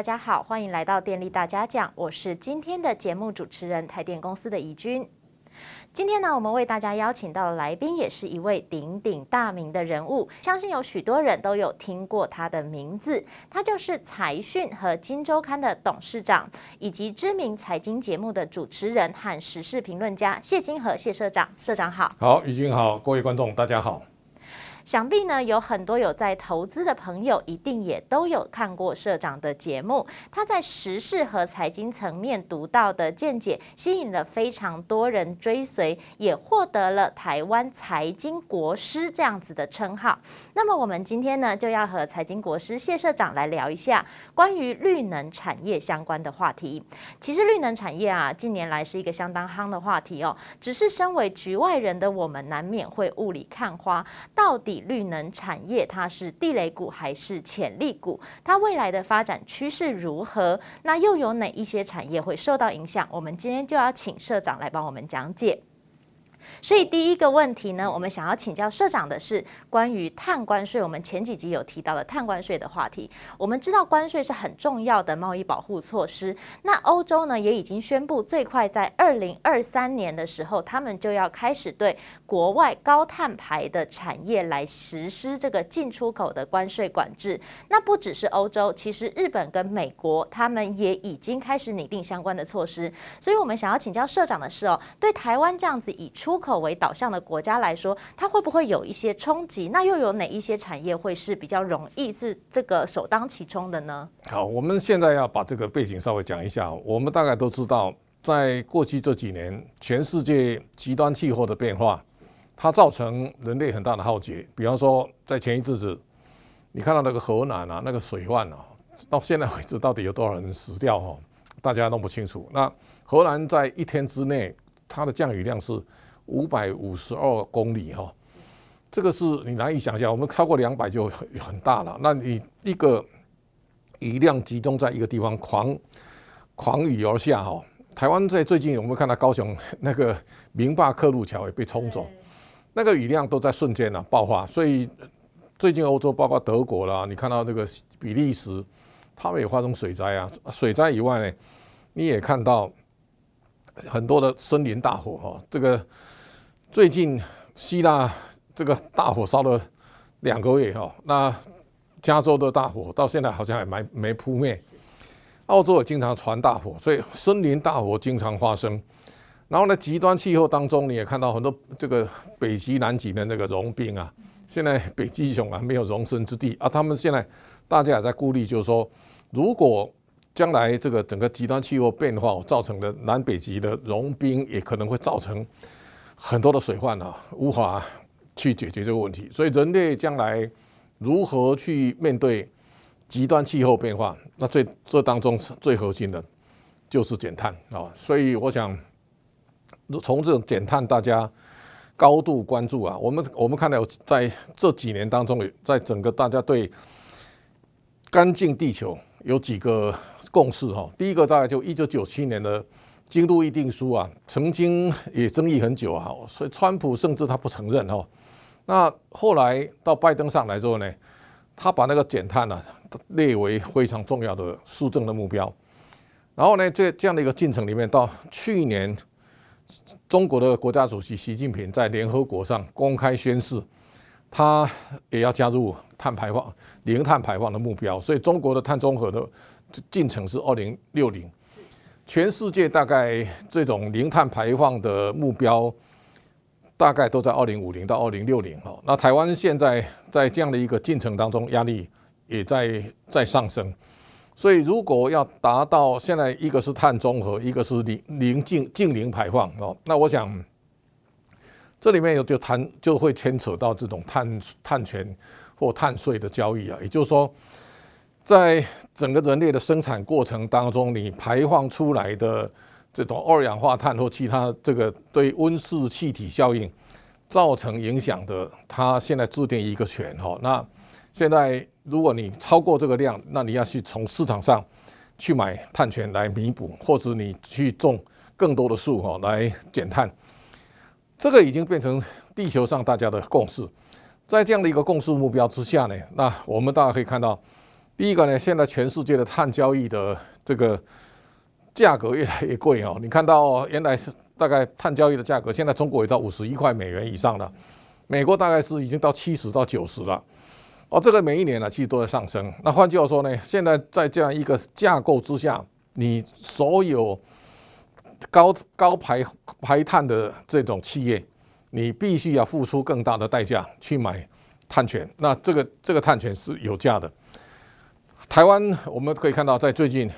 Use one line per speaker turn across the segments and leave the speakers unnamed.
大家好，歡迎來到電力大家講，我是今天的節目主持人台電公司的怡君。今天呢，我們為大家邀請到的來賓也是一位鼎鼎大名的人物，相信有許多人都有聽過他的名字，他就是財訊和今周刊的董事長，以及知名財經節目的主持人和時事評論家謝金河。謝社長。社長好，
好，怡君好，各位觀眾大家好。
想必呢，有很多有在投資的朋友，一定也都有看過社長的節目。他在時事和財經層面獨到的見解，吸引了非常多人追隨，也獲得了“台灣財經國師”這樣子的稱號。那麼，我們今天呢，就要和財經國師謝社長來聊一下關於綠能產業相關的話題。其實，綠能產業啊，近年來是一個相當夯的話題哦。只是身為局外人的我們，難免會霧裡看花，到底。綠能產業，它是地雷股還是潛力股？它未來的發展趨勢如何？那又有哪一些產業會受到影響？我們今天就要請社長來幫我們講解。所以第一個問題呢，我們想要請教社長的是關於碳關稅。我們前幾集有提到的碳關稅的話題，我們知道關稅是很重要的貿易保護措施。那歐洲呢，也已經宣布最快在二零二三年的時候，他們就要開始對國外高碳排的產業來實施這個進出口的關稅管制。那不只是歐洲，其實日本跟美國他們也已經開始擬定相關的措施。所以我們想要請教社長的是哦、喔，對台灣這樣子以出口出口為導向的國家來說，它會不會有一些衝擊？那又有哪一些產業會是比較容易是這個首當其衝的呢？
好，我們現在要把這個背景稍微講一下。我們大概都知道，在過去這幾年，全世界極端氣候的變化，它造成人類很大的浩劫。比方說，在前一陣子，你看到那個河南啊，那個水患啊，到現在為止，到底有多少人死掉哈、啊，大家都不清楚。那河南在一天之內，它的降雨量是五百五十二公里哈、哦，這個是你難以想象。我們超過兩百就很很大了。那你一個雨量集中在一個地方，狂狂雨而下哈、哦。台灣在最近有沒有看到高雄那個明霸克路橋也被沖走？對那個雨量都在瞬間呢、啊、爆發。所以最近歐洲包括德國啦，你看到這個比利時，他們也發生水災啊。水災以外呢，你也看到很多的森林大火哈、哦。這個。最近希臘這個大火燒了兩個月哈、哦，那加州的大火到現在好像還沒沒撲滅，澳洲也經常傳大火，所以森林大火經常發生。然後呢，極端氣候當中你也看到很多這個北極南極的那個融冰啊，現在北極熊啊沒有容身之地啊，他們現在大家也在顧慮，就是說如果將來這個整個極端氣候變化造成的南北極的融冰也可能會造成。很多的水患啊，無法去解決這個問題。所以，人類將來如何去面對極端氣候變化？那最這當中最核心的，就是減碳啊，哦。所以，我想從這種減碳，大家高度關注啊。我們我們看到有在這幾年當中，在整個大家對乾淨地球有幾個共識哈，啊。第一個大概就一九九七年的。《京都議定書》啊，曾經也爭議很久啊，所以川普甚至他不承認哦，那後來到拜登上來之後呢，他把那個減碳呢、啊、列為非常重要的施政的目標。然後呢，這這樣的一個進程裡面，到去年中國的國家主席習近平在聯合國上公開宣誓，他也要加入碳排放零碳排放的目標。所以中國的碳中和的進程是二零六零。全世界大概這種零碳排放的目標，大概都在二零五零到二零六零哦。那台灣現在在這樣的一個進程當中，壓力也在在上升。所以如果要達到現在一個是碳中和，一個是零零淨淨零排放哦，那我想這裡面有就談，就會牽扯到這種碳碳權或碳稅的交易啊，也就是說。在整個人類的生產過程當中，你排放出來的這種二氧化碳或其他這個對溫室氣體效應造成影響的，它現在制定一個權哦。那現在如果你超過這個量，那你要去從市場上去買碳權來彌補，或者你去種更多的樹哦來減碳。這個已經變成地球上大家的共識。在這樣的一個共識目標之下呢，那我們大家可以看到。第一個呢，現在全世界的碳交易的這個價格越來越貴哦。你看到哦，原來是大概碳交易的價格，現在中國也到五十一塊美元以上了，美國大概是已經到七十到九十了。哦，這個每一年呢，其實都在上升。那換句話說呢，現在在這樣一個架構之下，你所有高高排排碳的這種企業，你必須要付出更大的代價去買碳權。那這個這個碳權是有價的。台灣我們可以看到，在最近，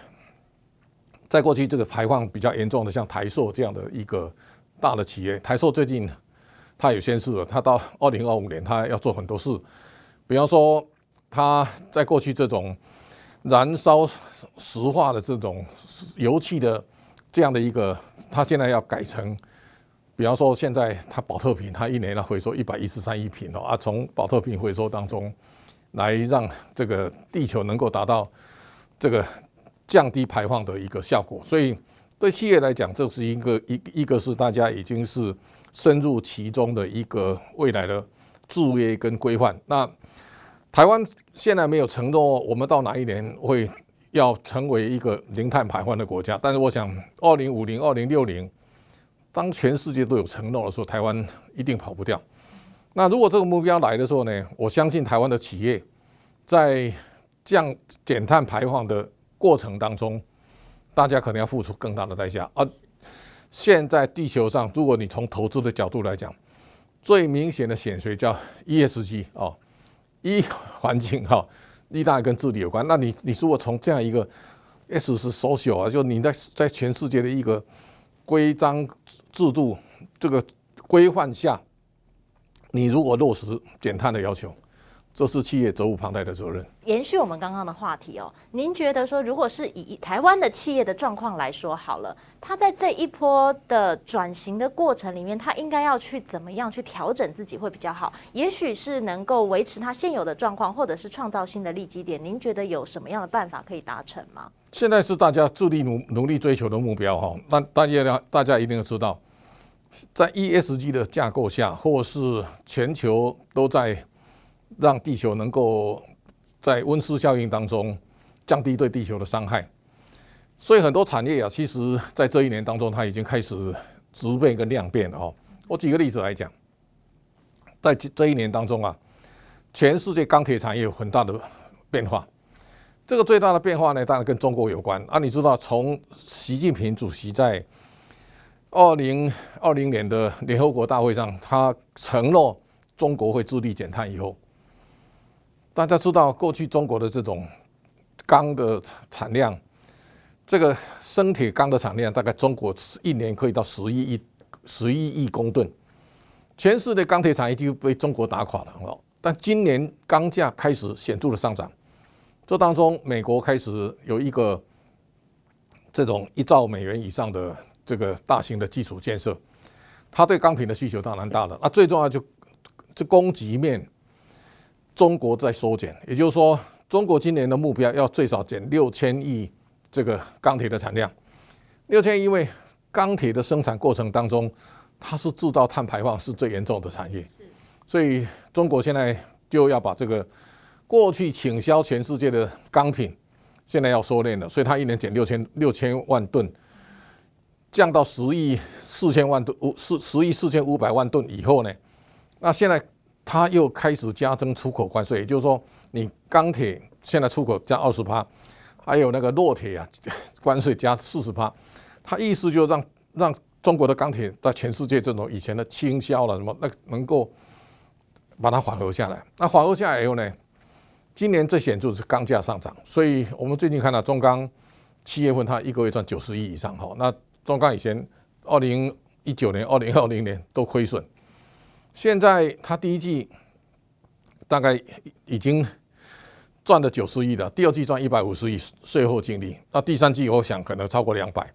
在過去這個排放比較嚴重的，像台塑這樣的一個大的企業，台塑最近它有宣示了，它到二零二五年它要做很多事，比方說，他在過去這種燃燒石化的這種油氣的這樣的一個，他現在要改成，比方說現在他寶特瓶，他一年要回收一百一十三億瓶哦，啊，從寶特瓶回收當中。來讓這個地球能夠達到這個降低排放的一個效果，所以對企業來講，這是一個一一個是大家已經是深入其中的一個未來的制約跟規範。那台灣現在沒有承諾，我們到哪一年會要成為一個零碳排放的國家？但是我想，二零五零、二零六零，當全世界都有承諾的時候，台灣一定跑不掉。那如果這個目標來的時候呢，我相信台灣的企業在降減碳排放的過程當中，大家可能要付出更大的代價。而、啊、現在地球上，如果你從投資的角度來講，最明顯的顯學叫 E S G 啊、哦，E 環境哈，一、哦、大跟治理有關。那你你如果從這樣一個 S 是 social 啊，就你在在全世界的一個規章制度這個規範下，你如果落實減碳的要求，這是企業責無旁貸的責任。
延續我們剛剛的話題哦，您覺得說，如果是以台灣的企業的狀況來說好了，它在這一波的轉型的過程裡面，它應該要去怎麼樣去調整自己會比較好？也許是能夠維持它現有的狀況，或者是創造新的利基點。您覺得有什麼樣的辦法可以達成嗎？
現在是大家致力努努力追求的目標哈、哦，但大家大家一定要知道。在 ESG 的架構下，或是全球都在讓地球能夠在溫室效應當中降低對地球的傷害，所以很多產業啊，其實在這一年當中，它已經開始質變跟量變了哦。我舉個例子來講，在這一年當中啊，全世界鋼鐵產業有很大的變化。這個最大的變化呢，當然跟中國有關啊。你知道，從習近平主席在二零二零年的聯合國大會上，他承諾中國會致力減碳。以後，大家知道過去中國的這種鋼的產量，這個生鐵鋼的產量大概中國一年可以到十一億、十一億公噸，全世界鋼鐵產業就被中國打垮了。但今年鋼價開始顯著的上漲，這當中美國開始有一個這種一兆美元以上的。這個大型的基礎建設，它對鋼品的需求當然大了。那、啊、最重要就，這供給面，中國在縮減。也就是說，中國今年的目標要最少減六千億這個鋼鐵的產量。六千億，因為鋼鐵的生產過程當中，它是制造碳排放是最嚴重的產業。所以中國現在就要把這個過去傾銷全世界的鋼品，現在要收斂了。所以它一年減六千六千萬噸。降到十億四千萬噸，五四十億四千五百萬噸以後呢，那現在他又開始加徵出口關稅，也就是說，你鋼鐵現在出口加二十%，還有那個弱鐵啊，關稅加四十%，他意思就是讓讓中國的鋼鐵在全世界這種以前的傾銷了什麼，那能夠把它緩和下來。那緩和下來以後呢，今年最顯著是鋼價上漲，所以我們最近看到中鋼七月份它一個月賺九十億以上，好，那。中鋼以前二零一九年、二零二零年都虧損，現在它第一季大概已經賺了九十億了，第二季賺一百五十億稅後淨利，那第三季我想可能超過兩百。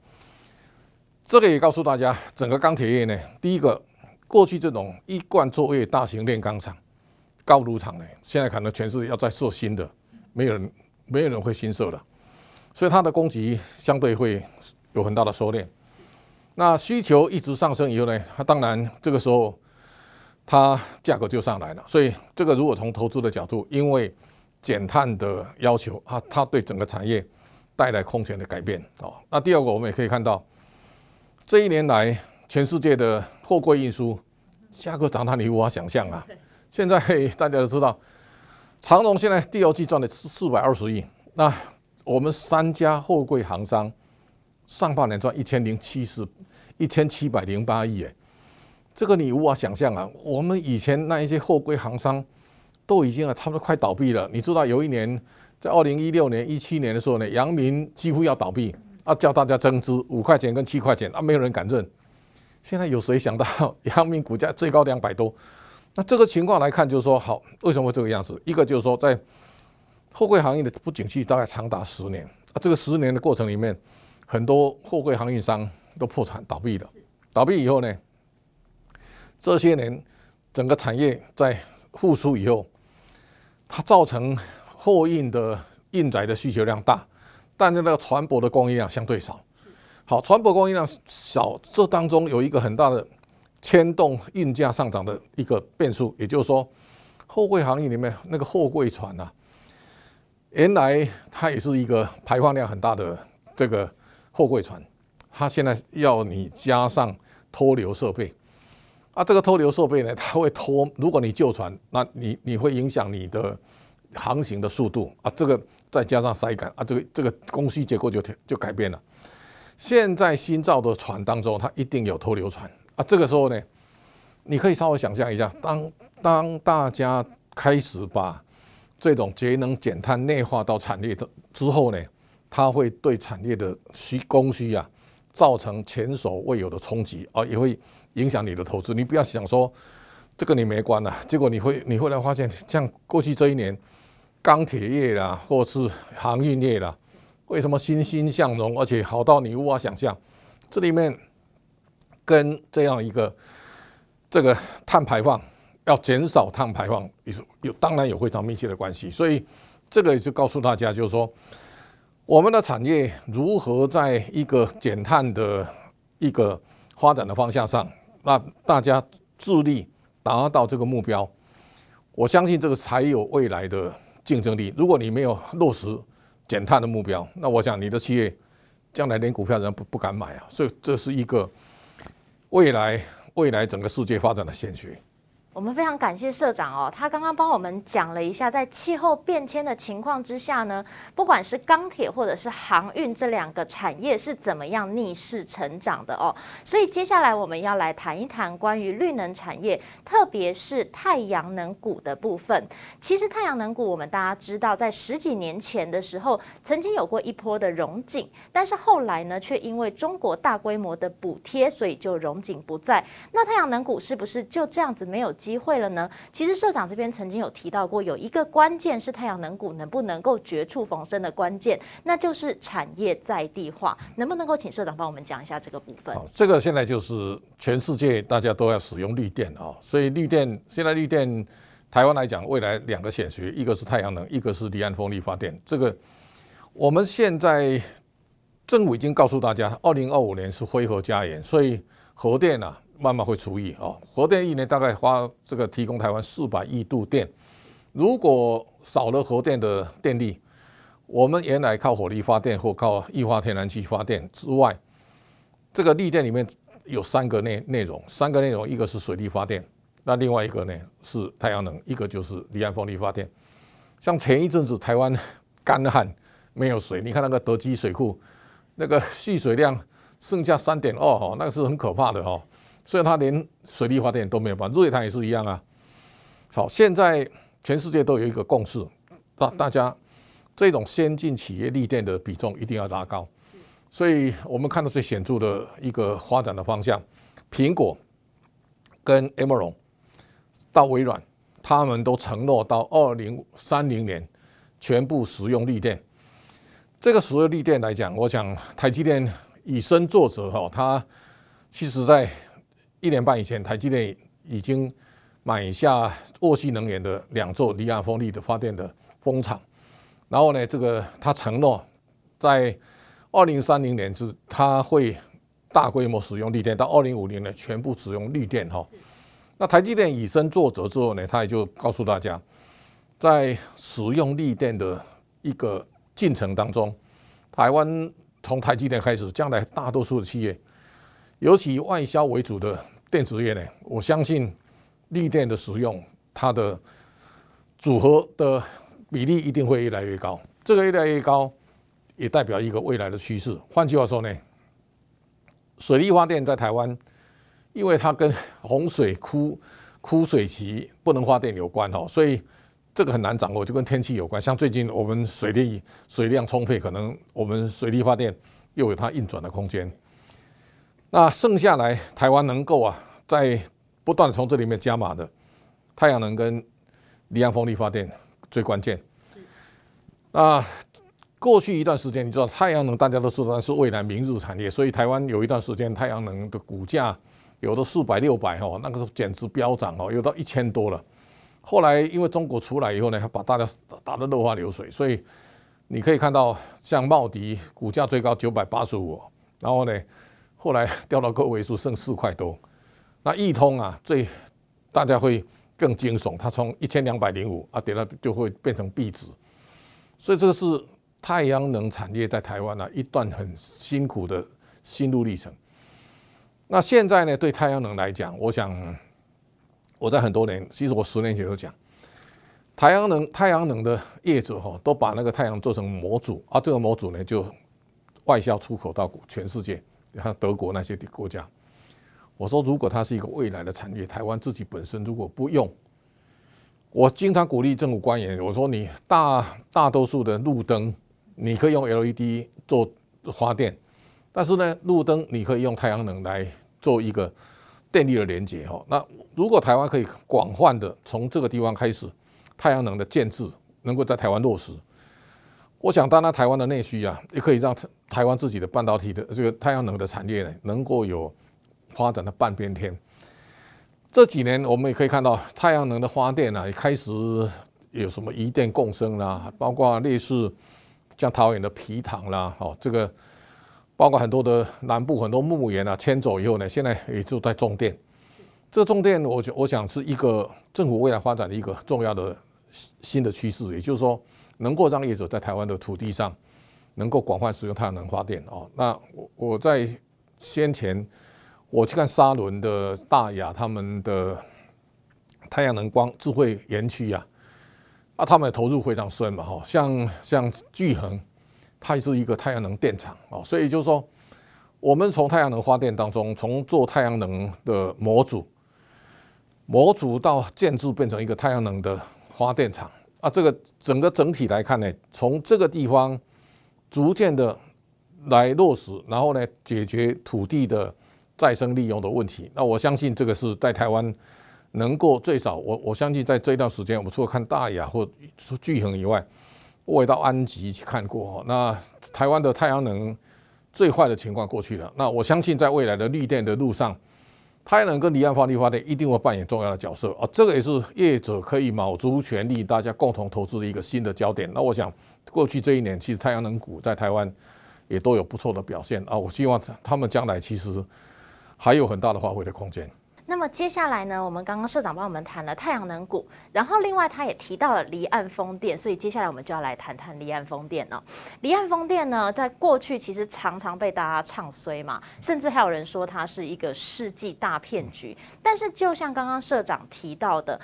這個也告訴大家，整個鋼鐵業呢，第一個過去這種一貫作業大型煉鋼廠、高爐廠呢，現在可能全是要再做新的，沒有人沒有人會新設的，所以它的供給相對會有很大的收斂。那需求一直上升以後呢，它、啊、當然這個時候它價格就上來了。所以這個如果從投資的角度，因為減碳的要求啊，它對整個產業帶來空前的改變哦，那第二個，我們也可以看到這一年來全世界的貨櫃運輸價格漲到你無法想象啊。現在大家都知道，長榮現在第二季賺了四四百二十億，那我們三家貨櫃航商上半年賺一千零七十。一千七百零八億哎，1> 1，這個你無法想象啊！我們以前那一些貨櫃行商都已經啊，差不多快倒閉了。你知道，有一年在二零一六年、一七年的時候呢，陽明幾乎要倒閉，啊，叫大家增資五塊錢跟七塊錢，啊，沒有人敢認。現在有誰想到陽明股價最高兩百多？那這個情況來看，就是說好，為什麼會這個樣子？一個就是說，在貨櫃行業的不景氣大概長達十年啊，這個十年的過程裡面，很多貨櫃航運商。都破產倒閉了，倒閉以後呢，這些年整個產業在復甦以後，它造成貨運的運載的需求量大，但是那個船舶的供應量相對少。好，船舶供應量少，這當中有一個很大的牽動運價上漲的一個變數，也就是說，貨櫃行業裡面那個貨櫃船啊，原來它也是一個排放量很大的這個貨櫃船。它現在要你加上脫硫設備，啊，這個脫硫設備呢，它會拖。如果你舊船，那你你會影響你的航行的速度啊。這個再加上塞港啊，這個這個供需結構就就改變了。現在新造的船當中，它一定有脫硫船啊。這個時候呢，你可以稍微想象一下，當當大家開始把這種節能減碳內化到產業的之後呢，它會對產業的需供需啊。造成前所未有的衝擊啊，也會影響你的投資。你不要想說這個你沒關了、啊，結果你會你會來發現，像過去這一年，鋼鐵業啦，或是航運業啦，為什麼欣欣向榮，而且好到你無法、啊、想象這裡面跟這樣一個這個碳排放要減少碳排放有有當然有非常密切的關係。所以這個也就告訴大家，就是說。我們的產業如何在一個減碳的一個發展的方向上，讓大家致力達到這個目標，我相信這個才有未來的競爭力。如果你沒有落實減碳的目標，那我想你的企業將來連股票人不不敢買啊。所以這是一個未來，未來整個世界發展的顯學。
我們非常感謝社長哦，他剛剛幫我們講了一下，在氣候變遷的情況之下呢，不管是鋼鐵或者是航運這兩個產業是怎麼樣逆勢成長的哦。所以接下來我們要來談一談關於綠能產業，特別是太陽能股的部分。其實太陽能股我們大家知道，在十幾年前的時候曾經有過一波的榮景，但是後來呢，卻因為中國大規模的補貼，所以就榮景不再。那太陽能股是不是就這樣子沒有？機會了呢？其實社長這邊曾經有提到過，有一個關鍵是太陽能股能不能夠絕處逢生的關鍵，那就是產業在地化。能不能夠請社長幫我們講一下這個部分？
這個現在就是全世界大家都要使用綠電啊、哦，所以綠電現在綠電台灣來講，未來兩個顯學，一個是太陽能，一個是離岸風力發電。這個我們現在政府已經告訴大家，二零二五年是非核家園，所以核電啊。慢慢會除役啊！核電一年大概花這個提供台灣四百億度電，如果少了核電的電力，我們原來靠火力發電或靠液化天然氣發電之外，這個綠電裡面有三個內內容，三個內容，一個是水力發電，那另外一個呢是太陽能，一個就是離岸風力發電。像前一陣子台灣乾旱沒有水，你看那個德基水庫那個蓄水量剩下三點二哈，那個是很可怕的哈、哦。所以它連水力發電都沒有辦，瑞坦也是一樣啊。好，現在全世界都有一個共識，大、啊、大家這種先進企業綠電的比重一定要拉高。所以我們看到最顯著的一個發展的方向，蘋果跟 AMO 到微軟，他們都承諾到二零三零年全部使用綠電。這個使用綠電來講，我想台積電以身作則哦，他其實在。一年半以前，台積電已，已經買下沃旭能源的兩座離岸風力的發電的風場。然後呢，這個他承諾在二零三零年他會大規模使用綠電，到二零五零年，全部使用綠電哈、哦。那台積電以身作則之後呢，他也就告訴大家，在使用綠電的一個進程當中，台灣從台積電開始，將來大多數的企業，尤其外銷為主的。電子業呢，我相信，綠電的使用，它的組合的比例一定會越來越高。這個越來越高，也代表一個未來的趨勢。換句話說呢，水力發電在台灣，因為它跟洪水枯枯水期不能發電有關哦，所以這個很難掌握，就跟天氣有關。像最近我們水力水量充沛，可能我們水力發電又有它運轉的空間。那剩下來，台灣能夠啊，在不斷的從這裡面加碼的，太陽能跟離岸風力發電最關鍵。嗯、那過去一段時間，你知道太陽能大家都知道是未來明日產業，所以台灣有一段時間太陽能的股價有的四百六百哦，那個時候簡直飆漲哦，有到一千多了。後來因為中國出來以後呢，把大家打得落花流水，所以你可以看到像茂迪股價最高九百八十五，然後呢。後來掉到個位數，剩四塊多。那易通啊，最大家會更驚悚，它從一千兩百零五啊跌了，到就會變成壁紙。所以這個是太陽能產業在台灣啊一段很辛苦的心路歷程。那現在呢，對太陽能來講，我想我在很多年，其實我十年前就講，太陽能太陽能的業者吼、哦，都把那個太陽做成模組啊，這個模組呢就外銷出口到全世界。像德國那些國家，我說如果它是一個未來的產業，台灣自己本身如果不用，我經常鼓勵政府官員，我說，你大大多數的路燈你可以用 LED 做發電，但是呢，路燈你可以用太陽能來做一個電力的連接哦。那如果台灣可以廣泛的從這個地方開始，太陽能的建制能夠在台灣落實。我想，當然，台灣的內需啊，也可以讓台灣自己的半導體的這個太陽能的產業呢，能夠有發展的半邊天。這幾年，我們也可以看到，太陽能的發電啊，也開始有什麼漁電共生啦、啊，包括類似像桃園的陂塘啦、啊，哦，這個包括很多的南部很多牧園啊，遷走以後呢，現在也就在種電。這種、個、電我，我我想是一個政府未來發展的一個重要的新的趨勢，也就是說。能夠讓業主在台灣的土地上能夠廣泛使用太陽能發電哦。那我我在先前我去看沙倫的大雅他們的太陽能光智慧園區呀，啊，啊，他們的投入非常深嘛哈、哦。像像聚恆，它是一個太陽能電廠哦。所以就是說，我們從太陽能發電當中，從做太陽能的模組，模組到建築變成一個太陽能的發電廠。啊，這個整個整體來看呢，從這個地方逐漸的來落實，然後呢，解決土地的再生利用的問題。那我相信這個是在台灣能夠最少，我我相信在這一段時間，我們除了看大亞或說聚恆以外，我也到安吉去看過。那台灣的太陽能最壞的情況過去了，那我相信在未來的綠電的路上，太陽能跟離岸風力發電一定會扮演重要的角色，啊，這個也是業者可以卯足全力，大家共同投資的一個新的焦點。那我想，過去這一年其實太陽能股在台灣也都有不錯的表現啊，我希望他們將來其實還有很大的發揮的空間。
那麼接下來呢，我們剛剛社長幫我們談了太陽能股，然後另外他也提到了離岸風電，所以接下來我們就要來談談離岸風電了。離岸風電呢，在過去其實常常被大家唱衰嘛，甚至還有人說它是一個世紀大騙局。但是就像剛剛社長提到的，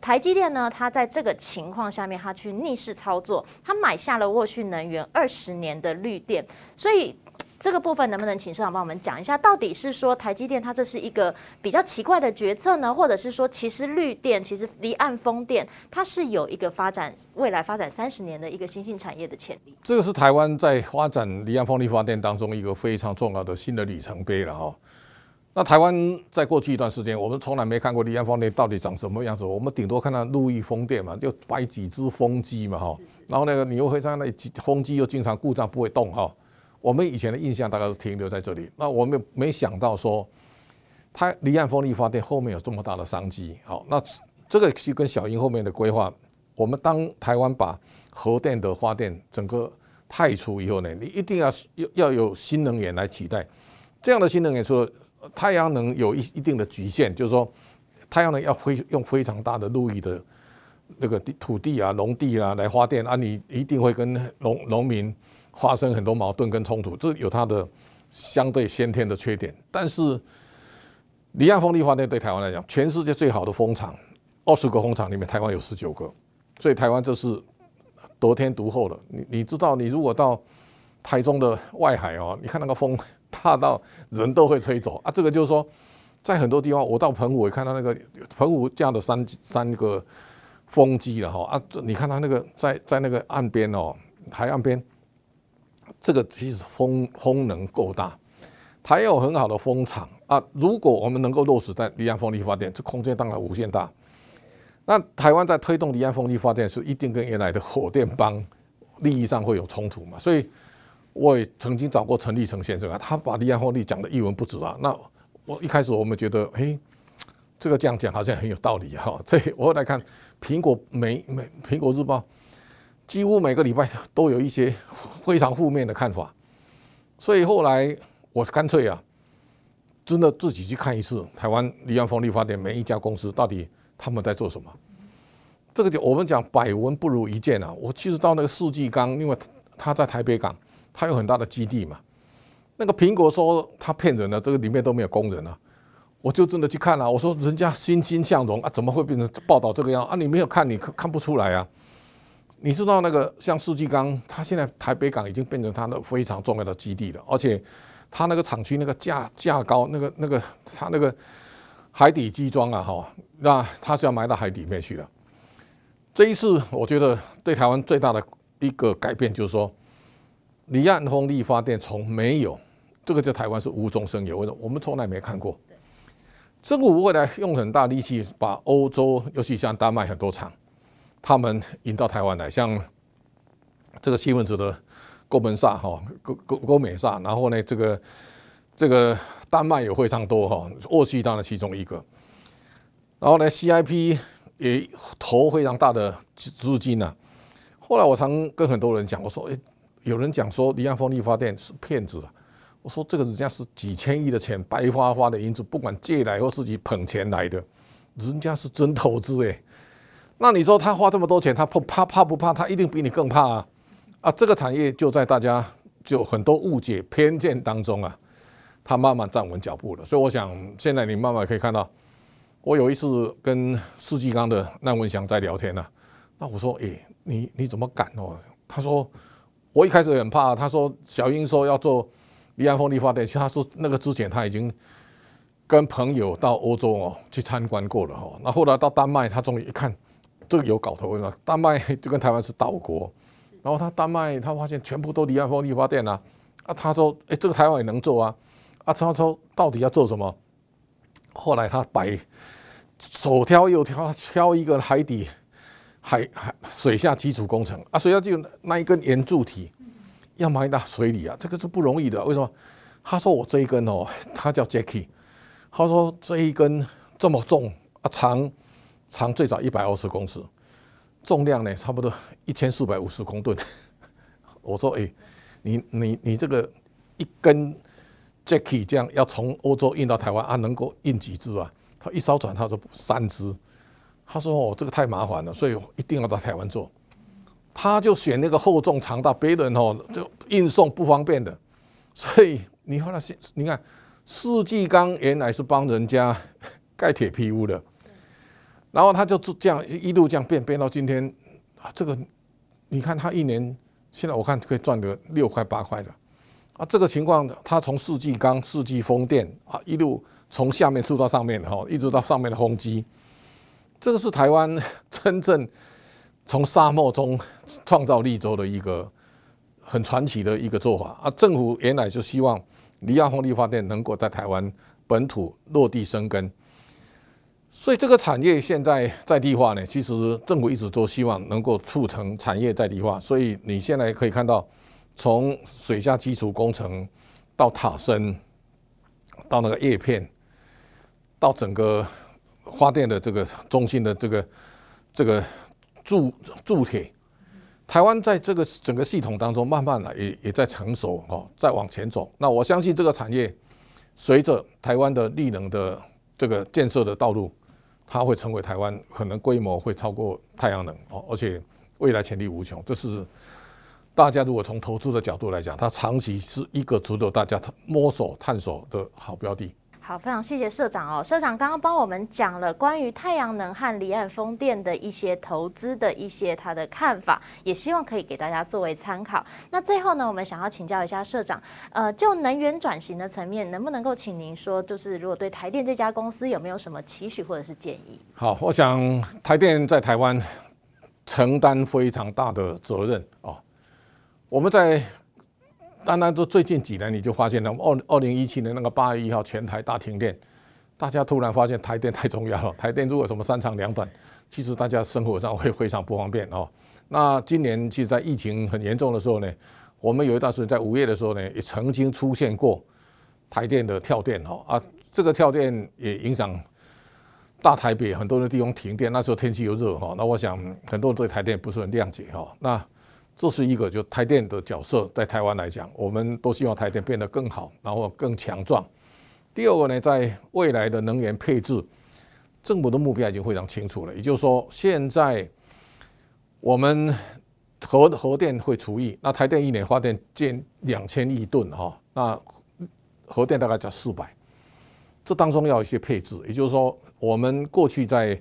台積電呢，它在這個情況下面，它去逆勢操作，它買下了沃旭能源二十年的綠電，所以。這個部分能不能請社長幫我們講一下？到底是說台積電它這是一個比較奇怪的決策呢，或者是說其實綠電其實離岸風電它是有一個發展未來發展三十年的一個新興產業的潛力。
這個是台灣在發展離岸風力發電當中一個非常重要的新的里程碑了哈、哦，那台灣在過去一段時間，我們從來沒看過離岸風電到底長什麼樣子，我們頂多看到陸域風電嘛，就擺幾只風機嘛哈、哦，然後那個你又會在那風機又經常故障不會動哈、哦。我們以前的印象大概都停留在這裡，那我們沒想到說，它，離岸風力發電後面有這麼大的商機。好，那這個就跟小英後面的規劃，我們當台灣把核電的發電整個汰除以後呢，你一定要要有新能源來取代。這樣的新能源說，太陽能有一一定的局限，就是說，太陽能要非用非常大的陸域的，那個地土地啊、農地啊來發電啊，那你一定會跟農農民。發生很多矛盾跟衝突，這有它的相對先天的缺點。但是，離岸風力發電對台灣來講，全世界最好的風場，二十個風場裡面台灣有十九個，所以台灣這是得天獨厚的。你你知道，你如果到台中的外海哦，你看那個風大到人都會吹走啊。這個就是說，在很多地方，我到澎湖我看到那個澎湖架的三三個風機了哈、哦、啊，你看它那個在在那個岸邊哦，海岸邊。這個其實風風能夠大，它也有很好的風場啊，如果我們能夠落實在離岸風力發電，這空間當然無限大。那台灣在推動離岸風力發電時，一定跟原來的火電幫利益上會有衝突嘛？所以我也曾經找過陳立成先生啊，他把離岸風力講的一文不值啊。那我一開始我們覺得，誒，這個這樣講好像很有道理哈、哦。所以我後來看蘋果媒，媒蘋果日報。幾乎每個禮拜都有一些非常負面的看法，所以後來我乾脆啊，真的自己去看一次台灣離岸風力發電，每一家公司到底他們在做什麼。這個就我們講百聞不如一見啊！我其實到那個世紀鋼，因為他在台北港，他有很大的基地嘛。那個蘋果說他騙人了，這個裡面都沒有工人啊！我就真的去看了，啊，我說人家欣欣向榮啊，怎麼會變成報道這個樣啊？你沒有看，你看不出來啊！你知道那個像世紀鋼，它現在台北港已經變成它的非常重要的基地了，而且它那個廠區那個架架高，那個那個它那個海底基樁啊，哈、哦，那它是要埋到海裡面去的。這一次我覺得對台灣最大的一個改變就是說，離岸風力發電從沒有，這個在台灣是無中生有，我們從來沒看過。政府未來用很大力氣把歐洲，尤其像丹麥很多廠。他們引到台灣來，像這個西門子的高本薩哈、哥哥哥美薩，然後呢，這個這個丹麥也非常多哈，沃西，當然其中一個。然後呢，CIP 也投非常大的資金吶、啊。後來我常跟很多人講，我說，誒，有人講說離岸風力發電是騙子、啊，我說這個人家是幾千億的錢，白花花的銀子，不管借來或自己捧錢來的，人家是真投資誒。那你說他花這麼多錢，他怕怕，怕不怕？他一定比你更怕啊，啊！啊，這個產業就在大家就很多誤解偏見當中啊，他慢慢站穩腳步了。所以我想，現在你慢慢可以看到，我有一次跟世紀鋼的賴文祥在聊天呢、啊。那我說：“誒、欸，你你怎麼敢哦？”他說：“我一開始很怕。”他說：“小英說要做離岸風力發電，其實他說那個之前他已經跟朋友到歐洲哦去參觀過了哦。那後，後來到丹麥，他終於一看。”這個有搞頭的嗎？丹麥就跟台灣是島國，然後他丹麥他發現全部都離岸風力發電了、啊，啊，他說，哎、欸，這個台灣也能做啊，啊，他說到底要做什麼？後來他擺，左挑右挑，他挑一個海底海海水下基礎工程啊，水下就那一根圓柱體，要埋到水裡啊，這個是不容易的。為什麼？他說我這一根哦，他叫 Jackie，他說這一根這麼重，啊長。長最少一百二十公尺，重量呢差不多一千四百五十公噸。 我說：“誒、欸，你你你這個一根 Jacky 這樣要從歐洲運到台灣啊，能夠運幾隻啊？”他一艘船他說三隻，他說：“哦，這個太麻煩了，所以一定要到台灣做。”他就選那個厚重長大，別人哦就運送不方便的。所以你看那些，你看，世紀鋼原來是幫人家蓋鐵皮屋的。然後他就這樣一路這樣變變到今天，啊，這個你看他一年現在我看可以賺個六塊八塊的，啊，這個情況他從四季鋼、四季風電啊一路從下面輸到上面的哈、哦，一直到上面的風機，這個是台灣真正從沙漠中創造綠洲的一個很傳奇的一個做法啊。政府原來就希望離岸風力發電能夠在台灣本土落地生根。所以這個產業現在在地化呢，其實政府一直都希望能夠促成產業在地化。所以你現在可以看到，從水下基礎工程到塔身，到那個葉片，到整個發電的這個中心的這個這個鑄鑄鐵，台灣在這個整個系統當中，慢慢的也也在成熟哦，在往前走。那我相信這個產業隨着台灣的綠能的這個建設的道路。它會成為台灣可能規模會超過太陽能哦，而且未來潛力無窮。這是大家如果從投資的角度來講，它長期是一個值得大家摸索探索的好標的。
好，非常謝謝社長哦。社長剛剛幫我們講了關於太陽能和離岸風電的一些投資的一些他的看法，也希望可以給大家作為參考。那最後呢，我們想要請教一下社長，呃，就能源轉型的層面，能不能夠請您說，就是如果對台電這家公司有沒有什麼期許或者是建議？
好，我想台電在台灣承擔非常大的責任哦，我們在。當然，這最近幾年你就發現了，二二零一七年那個八月一號全台大停電，大家突然發現台電太重要了。台電如果什麼三長兩短，其實大家生活上會非常不方便哦。那今年其實，在疫情很嚴重的時候呢，我們有一段時間在五月的時候呢，也曾經出現過台電的跳電哦啊，這個跳電也影響大台北很多的地方停電，那時候天氣又熱哈，那我想很多人對台電不是很諒解哈、哦。那。這是一個就台電的角色，在台灣來講，我們都希望台電變得更好，然後更強壯。第二個呢，在未來的能源配置，政府的目標已經非常清楚了，也就是說，現在我們核核電會除役，那台電一年發電近兩千億噸哈，那核電大概在四百，這當中要有一些配置，也就是說，我們過去在。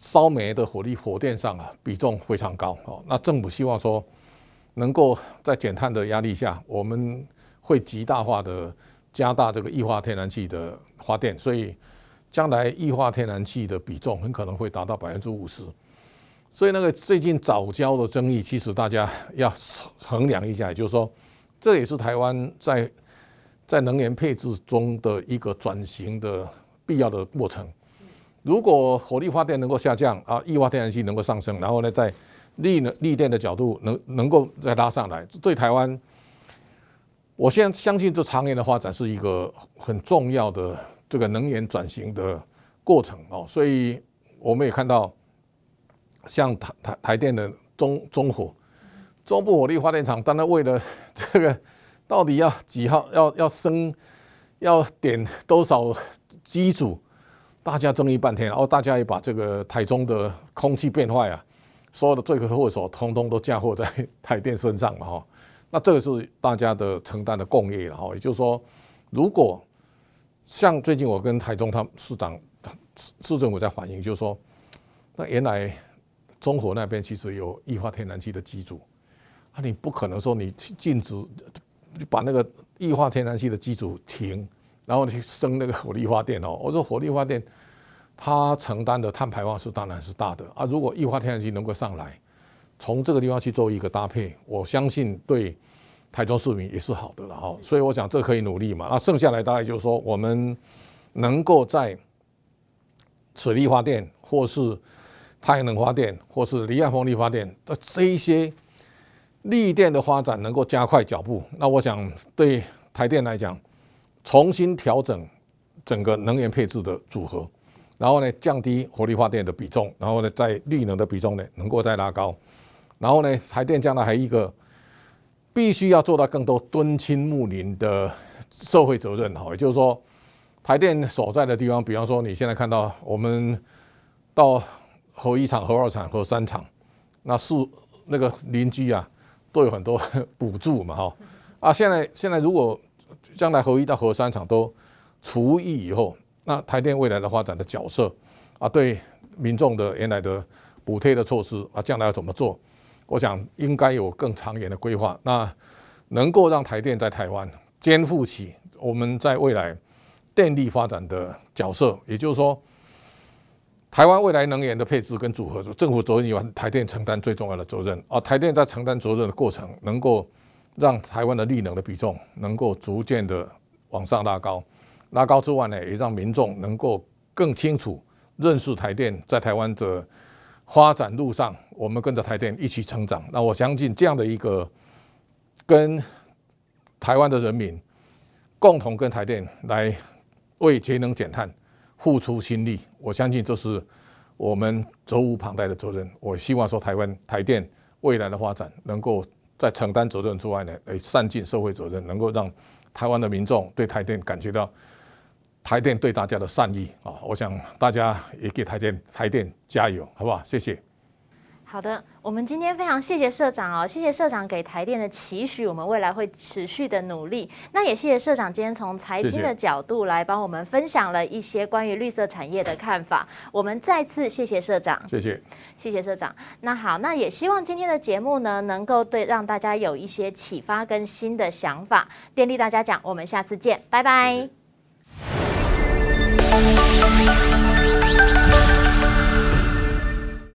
燒煤的火力火電上啊，比重非常高哦，那政府希望說，能夠在減碳的壓力下，我們會極大化的加大這個液化天然氣的發電，所以將來液化天然氣的比重很可能會達到百分之五十。所以那個最近藻礁的爭議，其實大家要衡量一下，也就是說，這也是台灣在在能源配置中的一個轉型的必要的過程。如果火力發電能夠下降啊，液化天然氣能夠上升，然後呢，在綠能、綠電的角度能能夠再拉上來，對台灣，我現在相信這長遠的發展是一個很重要的這個能源轉型的過程哦，所以我們也看到像，像台台台電的中中火中部火力發電廠，當然為了這個到底要幾號要要升要點多少機組。大家爭議半天，然後，哦，大家也把這個台中的空氣變壞啊，所有的罪魁禍首通通都嫁禍在台電身上了哈、哦？那這個是大家的承擔的共業了哈、哦。也就是說，如果像最近我跟台中他們市長、市市政府在反映，就是說，那原來中火那邊其實有液化天然氣的機組啊，你不可能說你禁止你把那個液化天然氣的機組停。然後你生那個火力發電哦，我說火力發電，它承擔的碳排放是當然是大的啊。如果液化天然氣能夠上來，從這個地方去做一個搭配，我相信對台中市民也是好的了哈。所以我想這可以努力嘛。那剩下來大概就是說我們能夠在水力發電，或是太陽能發電，或是離岸風力發電的這一些力電的發展能夠加快腳步。那我想對台電來講。重新調整整個能源配置的組合，然後呢，降低火力發電的比重，然後呢，在綠能的比重呢，能夠再拉高，然後呢，台電將來還一個必須要做到更多敦親睦鄰的社會責任哈，也就是說，台電所在的地方，比方說你現在看到我們到核一廠、核二廠、核三廠，那是那個鄰居啊，都有很多補 助嘛哈，啊，現在現在如果。將來核一到核三廠都除役以後，那台電未來的發展的角色啊，對民眾的原來的補貼的措施啊，將來要怎麼做？我想應該有更長遠的規劃，那能夠讓台電在台灣肩負起我們在未來電力發展的角色，也就是說，台灣未來能源的配置跟組合，政府責任由台電承擔最重要的責任，而、啊、台電在承擔責任的過程，能夠。讓台灣的綠能的比重能夠逐漸的往上拉高，拉高之外呢，也讓民眾能夠更清楚認識台電在台灣的發展路上，我們跟着台電一起成長。那我相信這樣的一個跟台灣的人民共同跟台電來為節能減碳付出心力，我相信這是我們責無旁貸的責任。我希望說台灣台電未來的發展能夠。在承擔責任之外呢，誒，善盡社會責任，能夠讓台灣的民眾對台電感覺到台電對大家的善意啊！我想大家也給台電台電加油，好不好？謝謝。
好的，我們今天非常謝謝社長哦，謝謝社長給台電的期許，我們未來會持續的努力。那也謝謝社長今天從財經的角度來幫我們分享了一些關於綠色產業的看法。謝謝。我們再次謝謝社長，謝謝，謝謝社長。那好，那也希望今天的節目呢，能夠對讓大家有一些啟發跟新的想法。電力大家講，我們下次見，拜拜。謝謝。